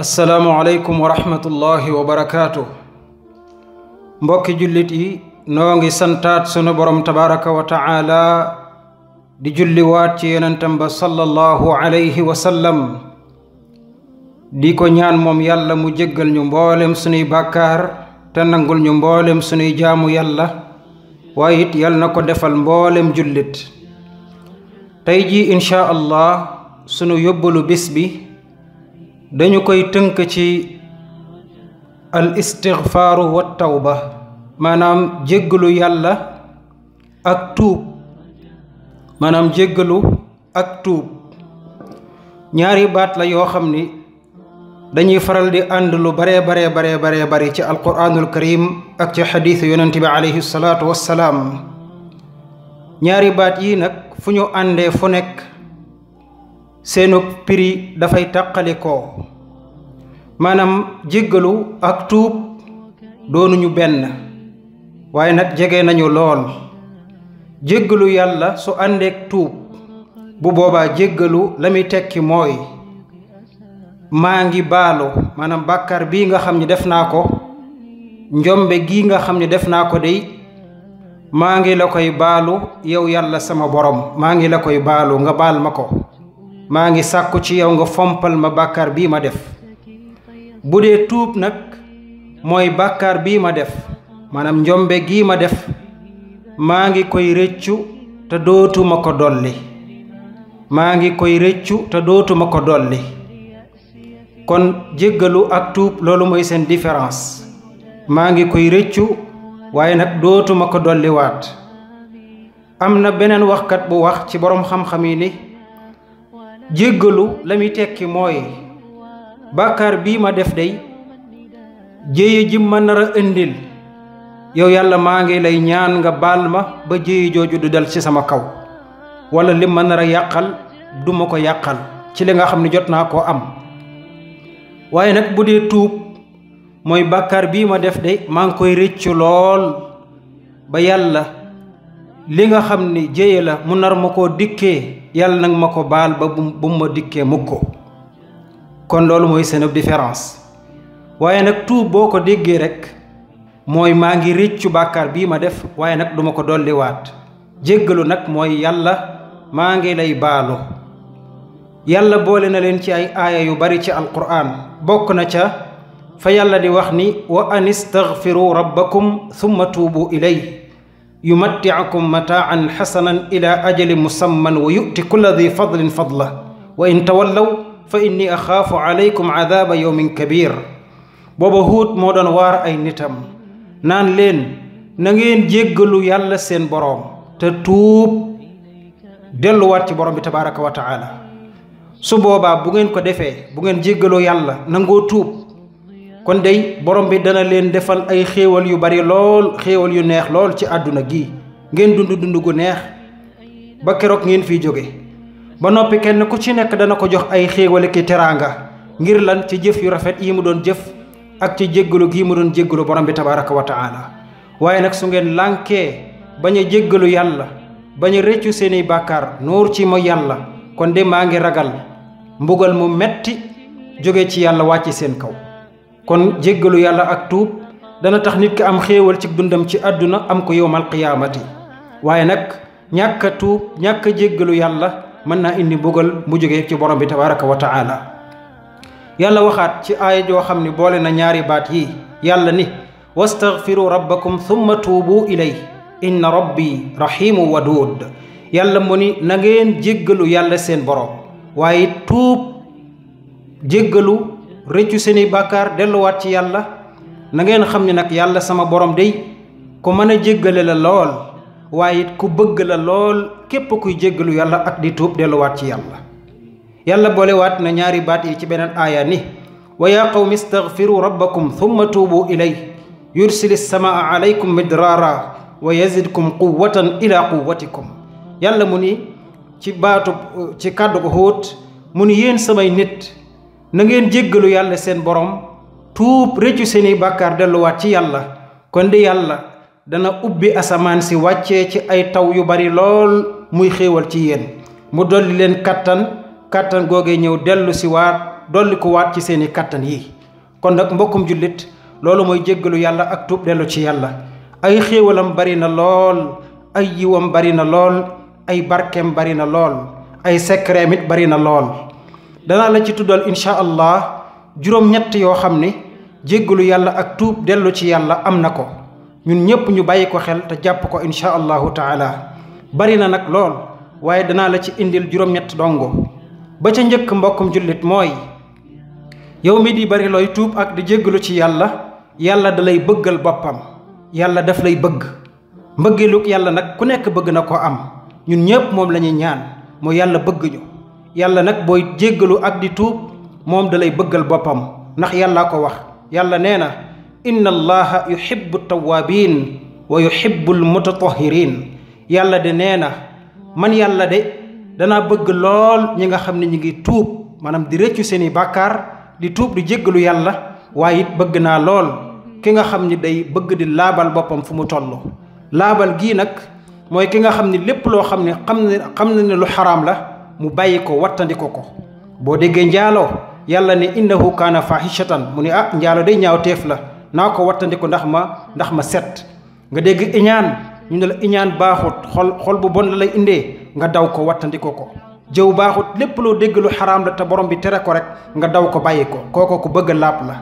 assalaamu aleykum wa rahmatullahi wa barakaatu mbokki jullit yi noo ngi santaat sunu borom tabaraka wa taala di julliwaat ci yonentam ba sallallahu alayhi wa sallam di ko ñaan moom yàlla mu jéggal ñu mboolem sunuy bàkkaar te nangul ñu mboolem sunuy jaamu yàlla waaye it yal na ko defal mboolem jullit tey jii inchaa allah sunu yóbbalu bis bi dañu koy tënk ci al istigfaaru taw ba maanaam jéggalu yàlla ak tuub maanaam jéggalu ak tuub ñaari baat la yoo xam ni dañuy faral di ànd lu baree baree baree baree bari ci alquraanul karim ak ci xadiisu yonente bi alayhi salaatu wassalaam ñaari baat yii nag fu ñu àndee fu nekk seenug piri dafay taqalikoo maanaam jéggalu ak tuub doonuñu benn waaye nag jege nañu lool jéggalu yàlla su àndeek tuub bu boobaa jéggalu la muy tekki mooy maa ngi baalu maanaam bàkkaar bii nga xam ni def naa ko njombe gii nga xam ni def naa ko dey maa ngi la koy baalu yow yàlla sama borom maa ngi la koy baalu nga baal ma ko maa ngi sàkku ci yow nga fompal ma bàkkaar bii ma def bu dee tuub nag mooy bàkkaar bii ma def maanaam njombe gii ma def maa ngi koy rëccu te dootuma ko dolli maa ngi koy rëccu te dootuma ko dolli kon jéggalu ak tuub loolu mooy seen différence maa ngi koy rëccu waaye nag dootuma ko dolliwaat am na beneen waxkat bu wax ci boroom xam-xam yi ni jéggalu la muy tekki mooy bàkkaar bii ma def day jéye ji ma nar a indil yow yàlla maa ngi lay ñaan nga baal ma ba jéye jooju du dal ci sama kaw walla li ma nar a yàqal duma ko yàqal ci li nga xam ne jot naa ko am waaye nag bu dee tuub mooy bàkkaar bii ma def day maa ngi koy rëccu lool ba yàlla li nga xam ni jéye la mu nar ma ko dikkee yàlla nag ma ko baal ba bu ma dikkee mukk ko kon loolu mooy seen différence waaye nag tuub boo ko déggee rek mooy maa ngi réccu bàkkaar bii ma def waaye nag duma ko dolliwaat jéggalu nag mooy yàlla maa ngi lay baalo yàlla boole na leen ci ay aaya yu bari ci alquraan bokk na ca fa yàlla di wax ni wa an istaghfiru rabbakum thumma tuubu ilay yumattiakum mataan xasanan ila ajali musamman wa yu'ti kulla di fadlin fadla wa in tawallaw fa inni axaafu alaykum adaaba yowmin kabir booba huut moo doon waar ay nitam naan leen nangeen ngeen jéggalu yàlla seen boroom te tuub delluwaat ci borom bi tabaraka wa taala su boobaa bu ngeen ko defee bu ngeen jéggaloo yàlla nangoo tuub kon dey borom bi dana leen defal ay xéewal yu bari lool xéewal yu neex lool ci àdduna gi ngeen dund dund gu neex ba keroog ngeen fiy jóge ba noppi kenn ku ci nekk dana ko jox ay xéewal teraanga ngir lan ci jëf yu rafet yi mu doon jëf ak ci jéggalu gi mu doon jéggalu borom bi tabaaraka wa taala waaye nag su ngeen lànkee bañ a jéggalu yàlla bañ a rëccu seeni bàkkaar nuur ci mooy yàlla kon de maa ngi ragal mbugal mu metti jóge ci yàlla wàcce seen kaw kon jéggalu yàlla ak tuub dana tax nit ki am xéewal ci dundam ci àdduna am ko yowmal qiyaamati waaye nag ñàkk a tuub ñàkk jéggalu yàlla mën na indi mbugal mu ci borom bi tabaraka wa taala yàlla waxaat ci aaya joo xam ni boole na ñaari baat yi yàlla ni wastaghfiru rabbakum thumma tuubu ilay inna rabbi rahimu waduud yàlla mu ni na ngeen jéggalu yàlla seen borom waaye tuub jéggalu rëccu seeni bàkkaar delluwaat ci yàlla na ngeen xam ne nag yàlla sama borom day ku mën a jéggale la lool waaye it ku bëgg la lool képp kuy jéggalu yàlla ak di tuub delluwaat ci yàlla yàlla boolewaat na ñaari baat yi ci beneen aaya ni wa yaa qawmi istaghfiru rabbakum thumma tuubu ilay yursili samaa alaykum midraara wa yazidkum quwwatan ila quwwatikum yàlla mu ni ci baatu ci kàddu ko xóot mu ni yéen samay nit na ngeen jéggalu yàlla seen borom tuub rëccu seeni bàkkaar delluwaat ci yàlla kon di yàlla dana ubbi asamaan si wàccee ci ay taw yu bari lool muy xéewal ci yéen mu dolli leen kattan kattan googee ñëw dellu si waat dolli ko waat ci seeni kattan yi kon nag mbokkum jullit loolu mooy jéggalu yàlla ak tuub dellu ci yàlla ay xéewalam bari na lool ay yiwam bari na lool ay barkeem bari na lool ay sekreem it bari na lool danaa la ci tuddal incha allah juróom-ñett yoo xam ne jéggalu yàlla ak tuub dellu ci yàlla am na ko ñun ñépp ñu bàyyi ko xel te jàpp ko incha allahu taala bari na nag lool waaye danaa la ci indil juróom-ñett dongo ba ca njëkk mbokkum jullit mooy yow mi di bari looy tuub ak di jéggalu ci yàlla yàlla da lay bëggal boppam yàlla daf lay bëgg mbëggeelug yàlla nag ku nekk bëgg na ko am ñun ñépp moom lañuy ñaan moo yàlla bëgg yàlla nag booy jéggalu ak di tuub moom dalay bëggal boppam ndax yàllaa ko wax yàlla nee na inna allaha yuhibbu tawaabiin wa yuhibbu almutatahiriin yàlla de nee na man yàlla de danaa bëgg lool ñi nga xam ne ñi ngi tuub maanaam di rëccu seeni bàkkaar di tuub di jéggalu yàlla waaye it bëgg naa lool ki nga xam ni day bëgg di laabal boppam fu mu toll laabal gii nag mooy ki nga xam ni lépp loo xam ne xam na ne lu xaram la mu bàyyi ko wattandiku ko boo déggee njaaloo yàlla ne innahu kaana fahishatan mu ne ah njaalo day ñaaw teef la naa ko wattandiku ndax ma ndax ma set nga dégg iñaan ñu ne la iñaan baaxut xol xol bu bon la lay indee nga daw ko wattandiko ko jëw baaxut lépp loo dégg lu xaraam la te borom bi tere ko rek nga daw ko bàyyi ko kooko ku bëgg a laab la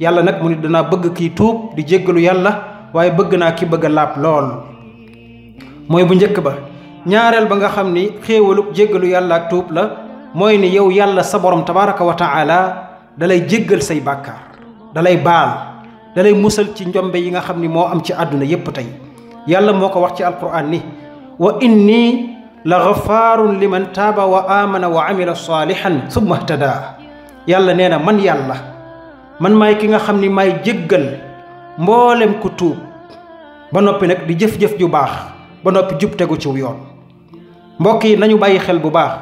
yàlla nag mu ne danaa bëgg kii tuub di jéggalu yàlla waaye bëgg naa ki bëgg a laab lool mooy bu njëkk ba ñaareel ba nga xam ni xéewaluk jéggalu yàlla ak tuub la mooy ni yow yàlla sa borom tabaraka wa taala dalay jéggal say bàkkaar dalay baal dalay musal ci njombe yi nga xam ni moo am ci àdduna yépp tey yàlla moo ko wax ci alquran ni wa inni la gafaarun liman taaba wa amana wa amila saalihan summa htadaa yàlla nee na man yàlla man may ki nga xam ni maay jéggal mboolem ku tuub ba noppi nag di jëf-jëf ju baax ba noppi jub tegu ciw yoon mbokk yi nañu bàyyi xel bu baax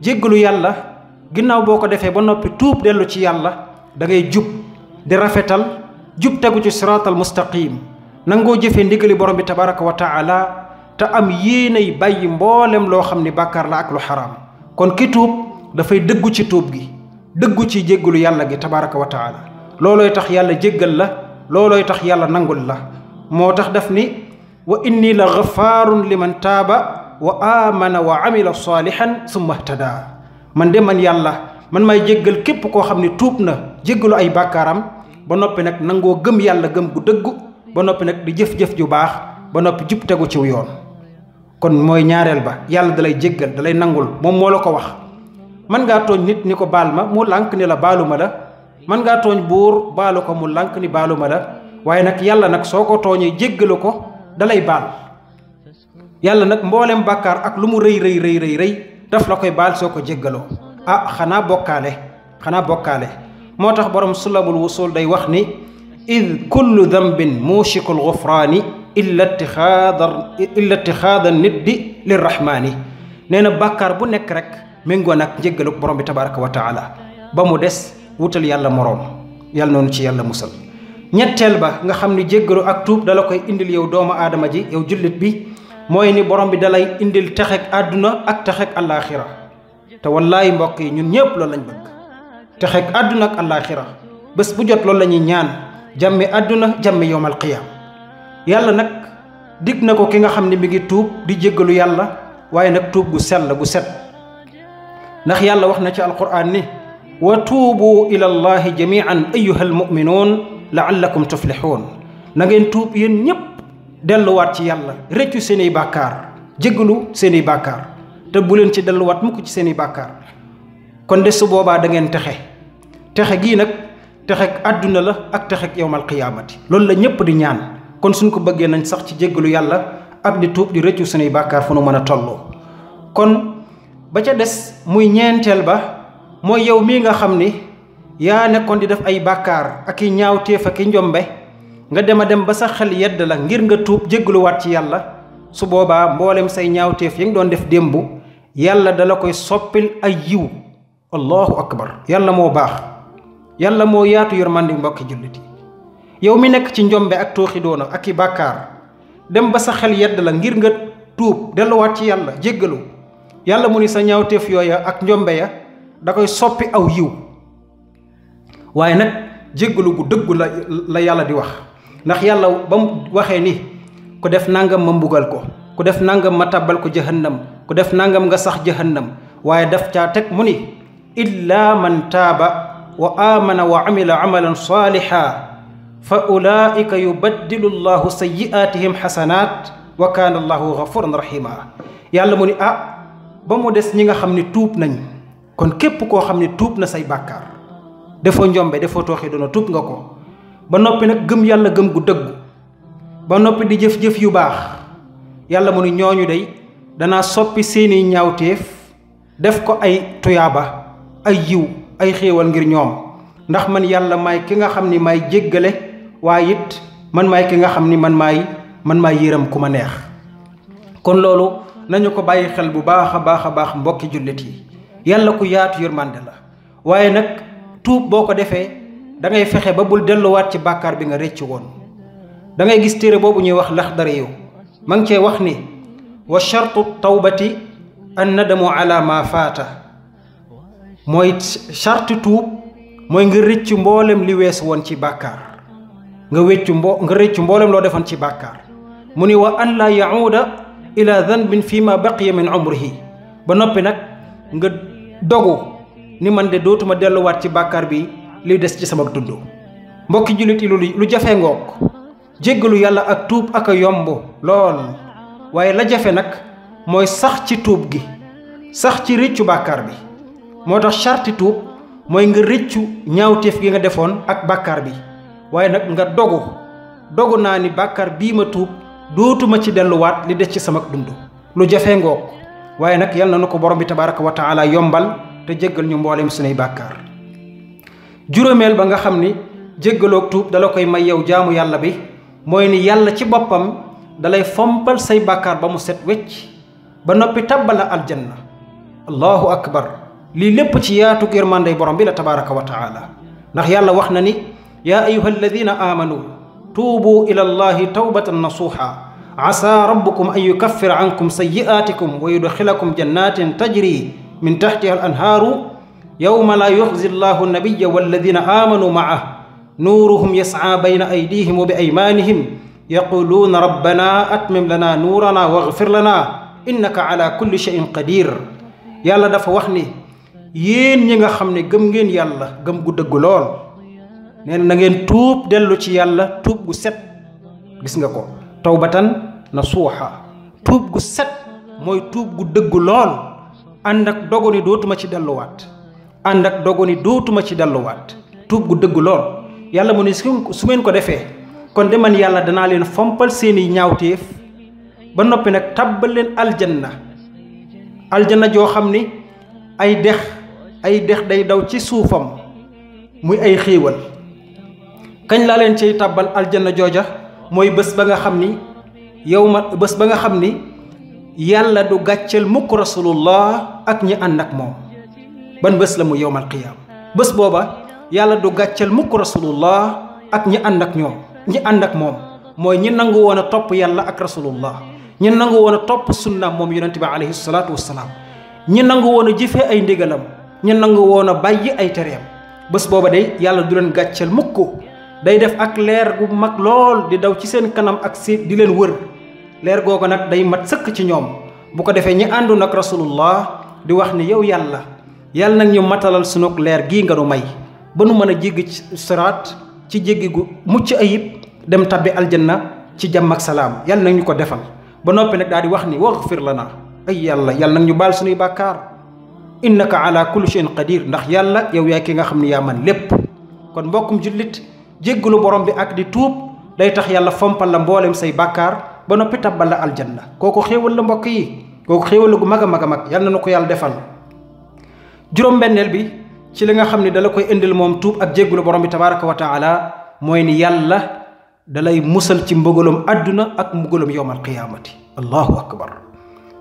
jéggalu yàlla ginnaaw boo ko defee ba noppi tuub dellu ci yàlla da ngay jub di rafetal jub tegu ci siraatal mustaqim nangoo jëfee ndigali borom bi tabaraka wa taala te am yéenay bàyyi mboolem loo xam ni bàkkaar la ak lu xaraam kon ki tuub dafay dëggu ci tuub gi dëggu ci jéggalu yàlla gi tabaraka wa taala loolooy tax yàlla jéggal la loolooy tax yàlla nangul la moo tax daf ni wa inni la gafaarun liman taaba wa amana wa amila salihan summa htada man de man yàlla man may jéggal képp koo xam ne tuub na jéggalu ay bàkkaaram ba noppi nag nangoo gëm yàlla gëm gu dëggu ba noppi nag di jëf-jëf ju baax ba noppi jub tegu ciw yoon kon mooy ñaareel ba yàlla dalay jéggal dalay nangul moom moo la ko wax mën ngaa tooñ nit ni ko baal ma mu lànk ni la baalu ma la mën ngaa tooñ buur baalu ko mu lànk ni baalu ma la waaye nag yàlla nag soo ko tooñee jéggalu ko dalay baal yàlla nag mboolem bàkkaar ak lu mu rëy rëy rëy rëy rëy daf la koy baal soo ko jéggaloo ah xanaa bokkaale xanaa bokkaale moo tax borom sulamul wusul day wax ni id kullu dambin muushikul gufraani illa itixaada illa itixaada niddi lirrahmaani nee na bàkkaar bu nekk rek méngoo nag njéggaluk borom bi tabaraka wa ba mu des wutal yàlla moroom yàlla noonu ci yàlla musal ñetteel ba nga xam ni jéggalu ak tuub dala koy indil yow doomu aadama ji yow jullit bi mooy ni borom bi dalay indil texeg àdduna ak texeg àllaaxira te wallaay mbokk yi ñun ñëpp loolu lañ bëgg texeg àdduna ak àllaaxira bés bu jot lool lañuy ñaan jàmmi àdduna jàmmi yowmal qiyaam yàlla nag dig na ko ki nga xam ne mi ngi tuub di jéggalu yàlla waaye nag tuub gu sell gu set ndax yàlla wax na ci alquraan ni wa tuubu ila allahi jamian ayuha almuminuun laallakum tuflixuun na ngeen tuub yéen ñëpp delluwaat ci yàlla rëccu seen i bàkkaar jéggalu seen i bàkkaar te bu leen ci delluwaat mukk ci seen i bàkkaar kon de su boobaa dangeen texe texe gii nag texek àdduna la ak texek yowmal qiyaamati loolu la ñëpp di ñaan kon suñ ko bëggee nañ sax ci jéggalu yàlla ak di tuub di rëccu suñuy bàkkaar fu nu mën a tolloo kon ba ca des muy ñeenteel ba mooy yow mii nga xam ni yaa nekkoon di def ay bàkkaar ak i ñaaw ak i njombe nga dem a dem ba sa xel yedd la ngir nga tuub jéggaluwaat ci yàlla su boobaa mboolem say ñaawteef ya nga doon def démb yàlla dala koy soppil ay yiw allahu akbar yàlla moo baax yàlla moo yaatu yërmande mbokki jullit yi yow mi nekk ci njombe ak tooxi doona ak i bàkkaar dem ba sa xel yedd la ngir nga tuub delluwaat ci yàlla jéggalu yàlla mu ni sa ñaawteef yooya ak njombe ya da koy soppi aw yiw waaye nag jéggalu bu dëggu la la yàlla di wax ndax yàlla ba mu waxee ni ku def nangam ma mbugal ko ku def nangam ma tàbbal ko jahannam ku def nangam nga sax jahannam waaye daf caa mu ni illa man taaba wa amana wa amila amalan saaliha fa ulaika yubaddilu llahu sayi'aatihim xasanaat wa kaana allahu gafuran rahima yàlla mu ni ah ba mu des ñi nga xam ni tuub nañ kon képp koo xam ne tuub na say bàkkaar defoo njombe defoo tooxi doona tuub nga ko ba noppi nag gëm yàlla gëm gu dëggu ba noppi di jëf-jëf yu baax yàlla mu ñoo ñu dey danaa soppi seeni ñaawteef def ko ay tuyaaba ay yiw ay xéewal ngir ñoom ndax man yàlla may ki nga xam ni maay jéggale waaye it man maay ki nga xam ni man maay man maay yëram ku ma neex kon loolu nañu ko bàyyi xel bu baax a baax a baax mbokki jullit yi yàlla ku yaatu yërmande la waaye nag tuub boo ko defee da fexe ba bul delluwaat ci bàkkaar bi nga rëcc woon da ngay gis téere boobu ñuy wax Laxdari yu ma ngi cee wax ni wa chartu tawbati an na ala ma faata mooy charte tuub mooy nga rëcc mboolem li wees woon ci bàkkaar nga wéccu mbo nga rëccu mboolem loo defoon ci bàkkaar mu ni wa an laa yahuuda ila danbin fii ma baqiya min umrihi ba noppi nag nga dogu ni man de dootuma delluwaat ci bàkkaar bi li des ci sama dund mbokki jullit yi lu jafe ngoog jéggalu yàlla ak tuub ak a yomb lool waaye la jafe nag mooy sax ci tuub gi sax ci rëccu bàkkaar bi moo tax sarti tuub mooy nga rëccu ñaawteef gi nga defoon ak bàkkaar bi waaye nag nga dogu dogu naa ni bàkkaar bii ma tuub dootuma ci delluwaat li des ci sama dund lu jafe ngoog waaye nag yal na nu ko borom bi tabaaraka wa taala yombal te jéggal ñu mboolem sunuy bàkkaar juróomeel ba nga xam ni jéggaloog tuub dala koy may yow jaamu yàlla bi mooy ni yàlla ci boppam dalay fompal say bàkkaar ba mu set wecc ba noppi tabbala aljanna allahu akbar lii lépp ci yaatu yërmandey borom bi la tabaraka wa taala ndax yàlla wax na ni yaa ayuha alladina aamanu tuubu ila allahi tawbatan nasuuxa asa rabbukum an yukaffira ankum sayiaatikum wa yudxilakum jannatin tajri min taxtiha al yowma laa yuxzi llahu nabiya walladina aamanu maah nuuruhum yascaa bayna aydihim wa bi aymaanihim yaquluuna rabbana atmim lana nuurana waxfir lana innaka ala kulli cheyin qadir yàlla dafa wax ni yéen ñi nga xam ne gëm ngeen yàlla gëm gu dëgg lool nee na ngeen tuub dellu ci yàlla tuub gu set gis nga ko tawbatan nasuuxa tuub gu set mooy tuub gu dëgg lool ànd ak dogu ni dootuma ci delluwaat ànd ak dogu ni dootuma ci delluwaat tuub gu dëgg lool yàlla mu ne su meen ko defee kon de yàlla danaa leen fompal seeni ñaawteef ba noppi nag tàbbal leen aljanna aljanna joo xam ni ay dex ay dex day daw ci suufam muy ay xéewal kañ laa leen ciy tàbbal aljanna jooja mooy bés ba nga xam ni yow bés ba nga xam ni yàlla du gàcceel mukk rasulullah ak ñi ànd ak moom ban bés la mu yowmal qiyaama bés booba yàlla du gàcceel mukk rasulullah ak ñi ànd ak ñoom ñi ànd ak moom mooy ñi nangu woon a topp yàlla ak rasulullah ñi nangu woon a topp sunna moom yonente bi alayhi salaatu wasalaam ñi nangu woon a jëfee ay ndigalam ñi nangu woon a bàyyi ay tereem bés booba day yàlla du leen gàcceel mukk day def ak leer gu mag lool di daw ci seen kanam ak si di leen wër leer googu nag day mat sëkk ci ñoom bu ko defee ñi àndu nag rasulullah di wax ne yow yàlla yàlla nag ñu matalal sunug leer gii nga nu may ba nu mën a jéggi siraat ci jéggi gu mucc ayib dem tabbi aljanna ci jàmm ak salaam yàlla nag ñu ko defal ba noppi nag daal di wax ni waxfir lana ay yàlla yàlla nag ñu baal suñuy bàkkaar innaka ala kulli shay'in qadir ndax yàlla yow yaay ki nga xam ne yaa man lépp kon mbokkum jullit lu borom bi ak di tuub day tax yàlla fompal la mbooleem say bàkkaar ba noppi tabbal la aljanna kooku xéewal la mbokk yi kooku xéewal la gu mag a mag mag yàlla na ko yàlla defal juróom-benneel bi ci li nga xam ne dala koy indil moom tuub ak jéggulu borom bi tabaraka wa taala mooy ni yàlla dalay musal ci mbugalum àdduna ak mbugalum yowmal qiyaamati allahu akbar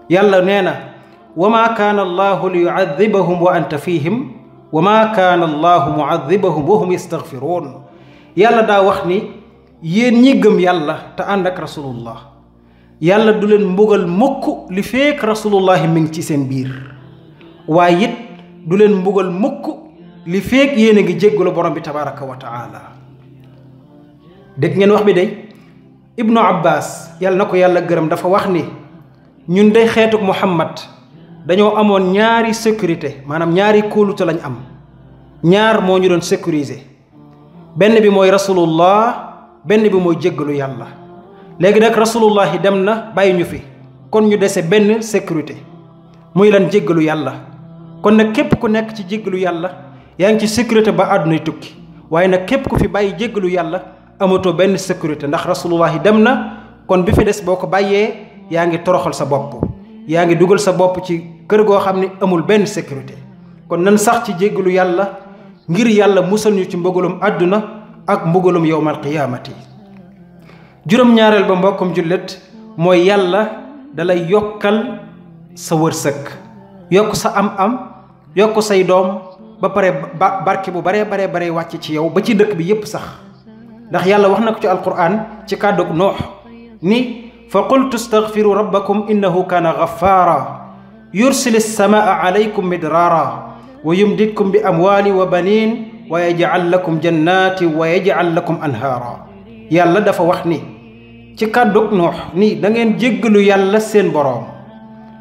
yàlla nee na wa maa kaana allahu li yuadibahum wa anta fihim wa maa kaana allahu muadibahum wa hum yastaghfiruun yàlla daa wax ni yéen ñi gëm yàlla te ànd ak rasulullah yàlla du leen mbugal mukk li feek rasulullahi mi ngi ci seen biir waaye it du leen mbugal mukk li feeg yéen a ngi jéggalu borom bi tabaraka wa taala dégg ngeen wax bi day ibnu abbas yàlla na ko yàlla gërëm dafa wax ni ñun day xeetuk muhammad dañoo amoon ñaari sécurité maanaam ñaari kóolute lañ am ñaar moo ñu doon sécuriser benn bi mooy rasulullah benn bi mooy jéggalu yàlla léegi nag rasulullah yi dem na bàyyi ñu fi kon ñu dese benn sécurité muy lan jéggalu yàlla kon nag képp ku nekk ci jéggalu yàlla yaa ngi ci sécurité ba àddunay tukki waaye nag képp ku fi bàyyi jéggalu yàlla amatoo benn sécurité ndax rasulullahi dem na kon bi fi des boo ko bàyyee yaa ngi toroxal sa bopp yaa ngi dugal sa bopp ci kër goo xam ne amul benn sécurité kon nan sax ci jéggalu yàlla ngir yàlla musal ñu ci mbugalum àdduna ak mbugalum yowmal qiyaamati juróom-ñaareel ba mbokkum jullit mooy yàlla dalay yokkal sa wërsëg yokk sa am-am yokk say doom ba pare barke bu baree baree baree wàcc ci yow ba ci dëkk bi yépp sax ndax yàlla wax na ko ci alquran ci kàddu noox ni fa qultu staghfiru rabbakum innahu kaana ghaffara yursili samaa alaykum midraara wa yumdidkum bi amwaali wa baniin wa yaj'al lakum jannaati wa yaj'al lakum anhaara yàlla dafa wax ni ci kàddug noox ni da ngeen jéggalu yàlla seen boroom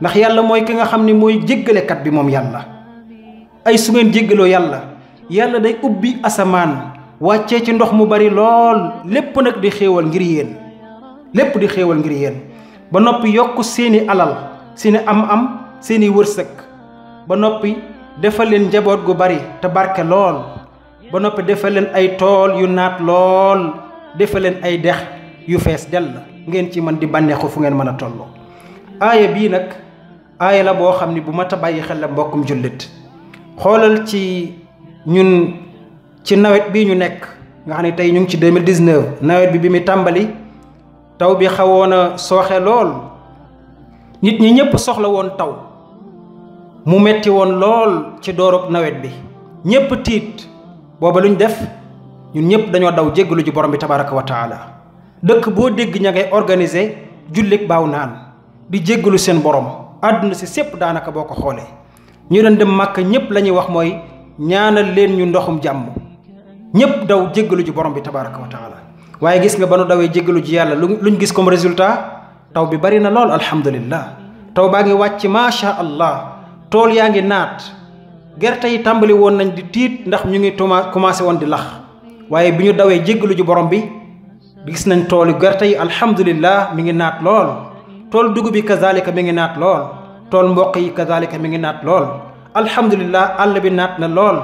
ndax yàlla mooy ki nga xam ni mooy jéggalekat bi moom yàlla ay su ngeen jéggaloo yàlla yàlla day ubbi asamaan wàccee ci ndox mu bari lool lépp nag di xéewal ngir yéen lépp di xéewal ngir yéen ba noppi yokk seeni alal seeni am-am seeni wërsëg ba noppi defal leen njaboot gu bari te barke lool ba noppi defal leen ay tool yu naat lool defal leen ay dex yu fees dell ngeen ci mën di bànneexu fu ngeen mën a tolloo aaya bii nag aaya la boo xam ne bu mat a bàyyi xel la mbokkum jullit xoolal ci ñun ci nawet bii ñu nekk nga xam ne tey ñu ngi ci 2019 nawet bi bi muy tàmbali taw bi xawoon a sooxee lool nit ñi ñëpp soxla woon taw mu metti woon lool ci doorub nawet bi ñëpp tiit booba lu ñu def ñun ñëpp dañoo daw jéggalu ji borom bi tabarak wa taala dëkk boo dégg ña ngay organiser jullit baaw naan di jéggalu seen borom àdduna si sépp daanaka boo ko xoolee ñu doon dem màkk ñëpp la ñuy wax mooy ñaanal leen ñu ndoxum jàmm ñëpp daw jéggalu ji borom bi tabaraka wa taala waaye gis nga ba nu dawee jéggalu ji yàlla lu ñu gis comme résultat taw bi bari na lool alhamdulillah taw baa ngi wàcc macha allah tool yaa ngi naat gerte yi tàmbali woon nañ di tiit ndax ñu ngi commencé woon di lax waaye bi ñu dawee jéggalu ji borom bi gis nañ toolu gerte yi alhamdulillah mi ngi naat lool tool dugub bi kazalika mi ngi naat lool tool mboq yi kazalika mi ngi naat lool alhamdulilah àll bi naat na lool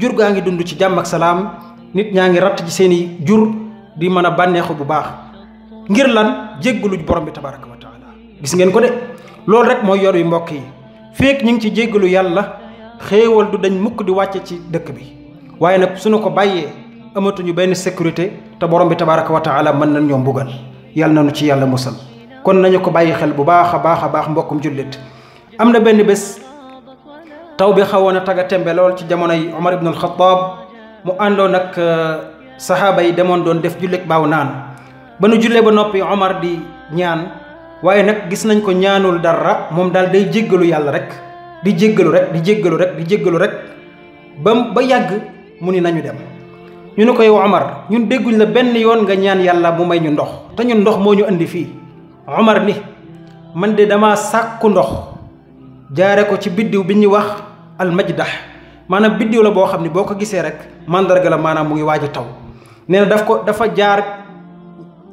jur gaa ngi dund ci jàmm ak salaam nit ñaa ngi ratt ci seeni jur di mën a bànneexu bu baax ngir lan jéggalu borom bi tabaraka wa gis ngeen ko de loolu rek mooy yor wi mbokk yi feek ñu ngi ci jéggalu yàlla xéewal du dañ mukk di wàcce ci dëkk bi waaye nag suñu ko bàyyee amatuñu benn sécurité te borom bi tabaraka wa taala mën nañ ñoo mbugal yàlla nañu ci yàlla musal kon nañu ko bàyyi xel bu baax a baax a baax mbokkum jullit am na benn bés taw bi xawoon a tagga tembe lool ci yi Omar ibn al-Khattab mu àndoon ak euh, saxaaba yi demoon doon def julleg baaw naan ba nu jullee ba noppi Omar di ñaan waaye nag gis nañ ko ñaanul dara moom daal day jéggalu yàlla rek di jéggalu rek di jéggalu rek di jéggalu rek ba ba yàgg mu ni nañu dem ñu ne koy Omar ñun dégguñ la benn yoon nga ñaan yàlla mu may ñu ndox te ñun ndox moo ñu indi fii Omar ni man de dama sàkku ndox jaare ko ci biddiw bi ñuy wax almajdax maanaam biddiw la boo xam ne boo ko gisee rek mandarga la maanaam mu ngi waaj a taw nee na daf ko dafa jaar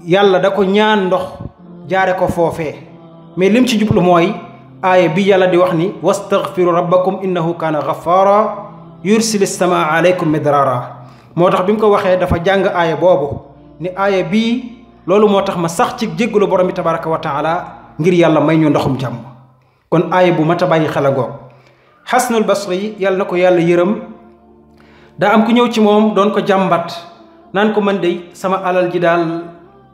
yàlla da ko ñaan ndox jaare ko foofee mais lim ci jublu mooy aaya bi yàlla di wax ni wastaghfiru rabbakum innahu kaana ghaffara yursili sama aleykum midraara moo tax bi mu ko waxee dafa jàng aaya boobu ni aaya bii loolu moo tax ma sax ci jéggalu borom bi tabaraka wa ngir yàlla may ñu ndoxum jàmm kon aaya bu mat a bàyyi xel a goog xasnul basri yàlla na ko yàlla yërëm daa am ku ñëw ci moom doon ko jàmbat naan ko man de sama alal ji daal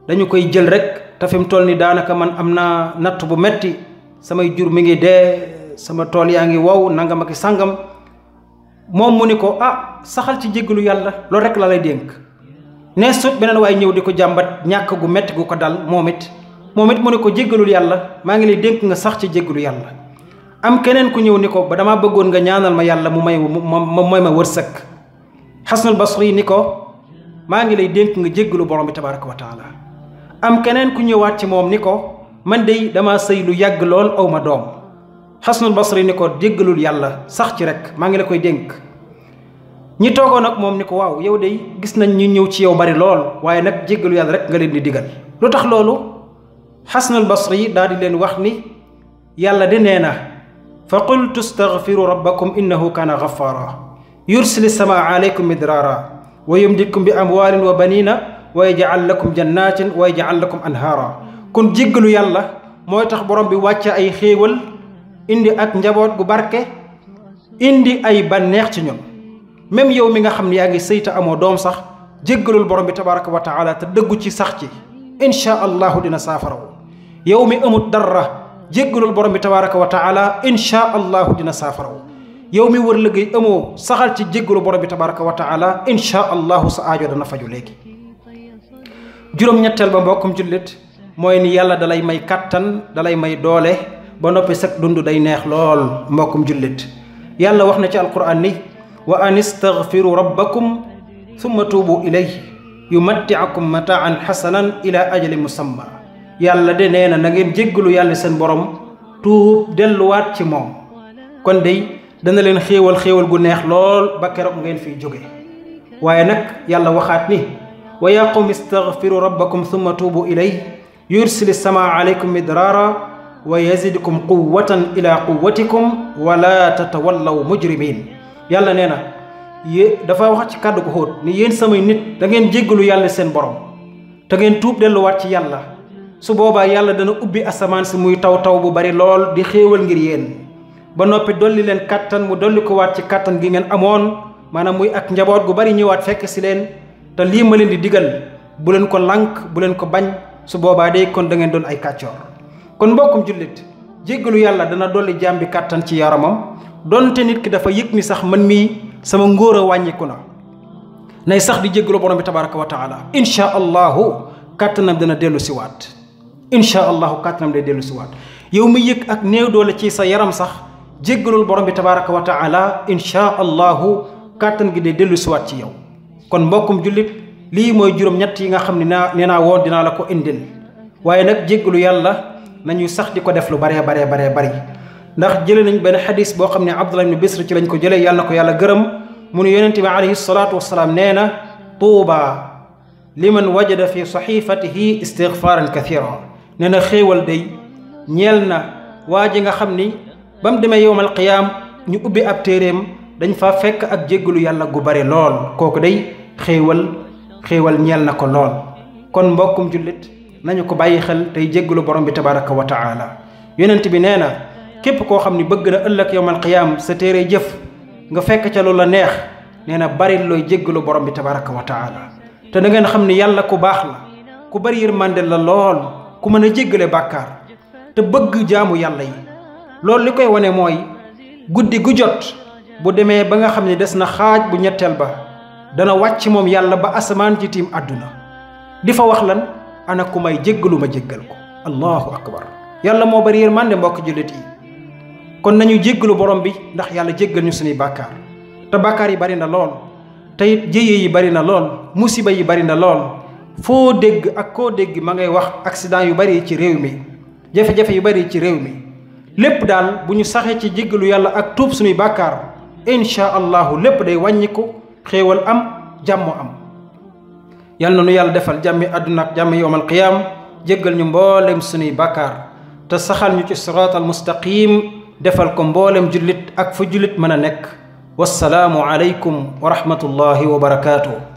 dañu koy jël rek te fi mu toll ni daanaka man am naa natt bu metti samay jur mi ngi dee sama tool yaa ngi wow nangam ak sàngam moom mu ni ko ah saxal ci jéggalu yàlla loolu rekk la lay dénk ne sut beneen waaye ñëw di ko jàmbat ñàkk gu metti gu ko dal moom it moom it mu ne ko jéggalul yàlla maa ngi lay dénk nga sax ci jéggalu yàlla am keneen ku ñëw ni ko ba damaa bëggoon nga ñaanal ma yàlla mu may ma may ma wërsëg xasanul basri ni ko maa ngi lay dénk nga jéggalu borom bi tabaraka wa taala am keneen ku ñëwaat ci moom ni ko man dey dama sëy lu yàgg lool aw ma doom xasanul basri ni ko jéggalul yàlla sax ci rek maa ngi la koy dénk ñi toogoon ak moom ni ko waaw yow dey gis nañ ñu ñëw ci yow bari lool waaye nag jéggalu yàlla rek nga leen di digal xasanal basri daal di leen wax ni yàlla de nee na fa qultu astaghfiru rabbakum innahu kaana ghaffara yursili samaa aleykum midraara wa yumditkum bi amwaalin wa baniina wa yaj'al lakum jannatin wa yaj'al lakum anhaara kon jéggalu yàlla mooy tax borom bi wàcce ay xéewal indi ak njaboot gu barke indi ay bànneex ci ñun même yow mi nga xam ne yaa ngi sëy amoo doom sax jéggalul borom bi tabaraka wa taala te dëggu ci sax ci incha dina saafaraw yow mi amut dara jéggalul borom bi tabaraka wa taala incha dina saafaraw yow mi wër liggéey amoo saxal ci jéggalu borom bi tabaraka wa taala incha allahu sa aajo dana faju léegi juróom-ñetteel ba mbokkum jullit mooy ni yàlla dalay may kattan dalay may doole ba noppi sag dund day neex lool mbokkum jullit yàlla wax na ci alquran ni wa an istaghfiru rabbakum thumma tuubu ilayhi yu yumattiakum mataan xasanan ila ajali musamma yàlla de nee na na ngeen jéggalu yàlla seen borom tuub delluwaat ci moom kon dey dana leen xéewal xéewal gu neex lool ba keroog ngeen fi jóge waaye nag yàlla waxaat ni wa yaa qawmi istaghfiru rabbakum thumma tuubu ilayh yursili samaa alaykum midraara wa yazidkum quwwatan ila quwwatikum wala tatawallaw mujrimin yàlla nee na yé dafa wax ci kàddu ko xóot ni yéen samay nit da ngeen jéggalu yàlla seen borom te ngeen tuub delluwaat ci yàlla su boobaa yàlla dana ubbi asamaan si muy taw taw bu bari lool di xéewal ngir yéen ba noppi dolli leen kattan mu dolli ko waat ci kattan gi ngeen amoon maanaam muy ak njaboot gu bari ñëwaat fekk si leen te lii ma leen di digal bu leen ko lànk bu leen ko bañ su boobaa day kon da ngeen doon ay kàccoor kon mbokkum jullit jéggalu yàlla dana dolli jaam bi ci yaramam sama ngóor a wàññiku na nay sax di jéggalu borom bi tabaraka wa taala insha allahu kàttanam dina dellu si waat insha allahu kàttanam day dellusiwaat yow mi yëg ak néew doole ci sa yaram sax jéggalul borom bi tabaraka wa taala insha allahu kàttan gi day dellu si ci yow kon mbokkum jullit lii mooy juróom-ñett yi nga xam ni naa nee naa woon dinaa la ko indil waaye nag jéggalu yàlla na ñuy sax di ko def lu baree baree baree bari ndax jëlee nañ benn xadis boo xam ne Abdullah ibn Bisr ci lañ ko jëlee yàlla ko yàlla gërëm mu ne yonent bi alayhi salaatu wasalaam nee na tuuba liman wajada fi saxifatihi istigfaaran kathira nee na xéewal day ñeel na waa ji nga xam ni ba demee yowmal qiyaam ñu ubbi ab téeréem dañ fa fekk ak jéggalu yàlla gu bare lool kooku day xéewal xéewal ñeel na ko lool kon mbokkum jullit nañu ko bàyyi xel tey jéggalu borom bi tabaraka wa taala képp koo xam ni bëgg na ëllëg yowmal qiyaam sa téere jëf nga fekk ca lu la neex nee na bari looy jéggalu borom bi tabaraka wa taala te na ngeen xam ni yàlla ku baax la ku bari yërmande la lool ku mën a jéggale bàkkaar te bëgg jaamu yàlla yi loolu li koy wane mooy guddi gu jot bu demee ba nga xam ne des na xaaj bu ñetteel ba dana wàcc moom yàlla ba asamaan ci tiim àdduna di fa wax lan ana ku may jéggalu ma jéggal ko allahu akbar yàlla moo bari yërmande mbokk jullit yi kon nañu jéggalu borom bi ndax yàlla jéggal ñu suñuy bàkkaar te bàkkaar yi bari na lool te it yi bari na lool musiba yi bari na lool foo dégg ak koo dégg ma ngay wax accident yu bari ci réew mi jafe-jafe yu bari ci réew mi lépp daal bu ñu saxee ci jéggalu yàlla ak tuub suñuy bàkkaar insha allahu lépp day wàññiku xéewal am jàmm am yàlla na nu yàlla defal jàmmi àdduna ak jàmmi yowmal qiyaam jéggal ñu mboolem suñuy bàkkaar te saxal ñu ci siraatal defal ko mboolem jullit ak fu jullit mën a nekk wassalaamu aleykum wa rahmatullahi wa barakaatu.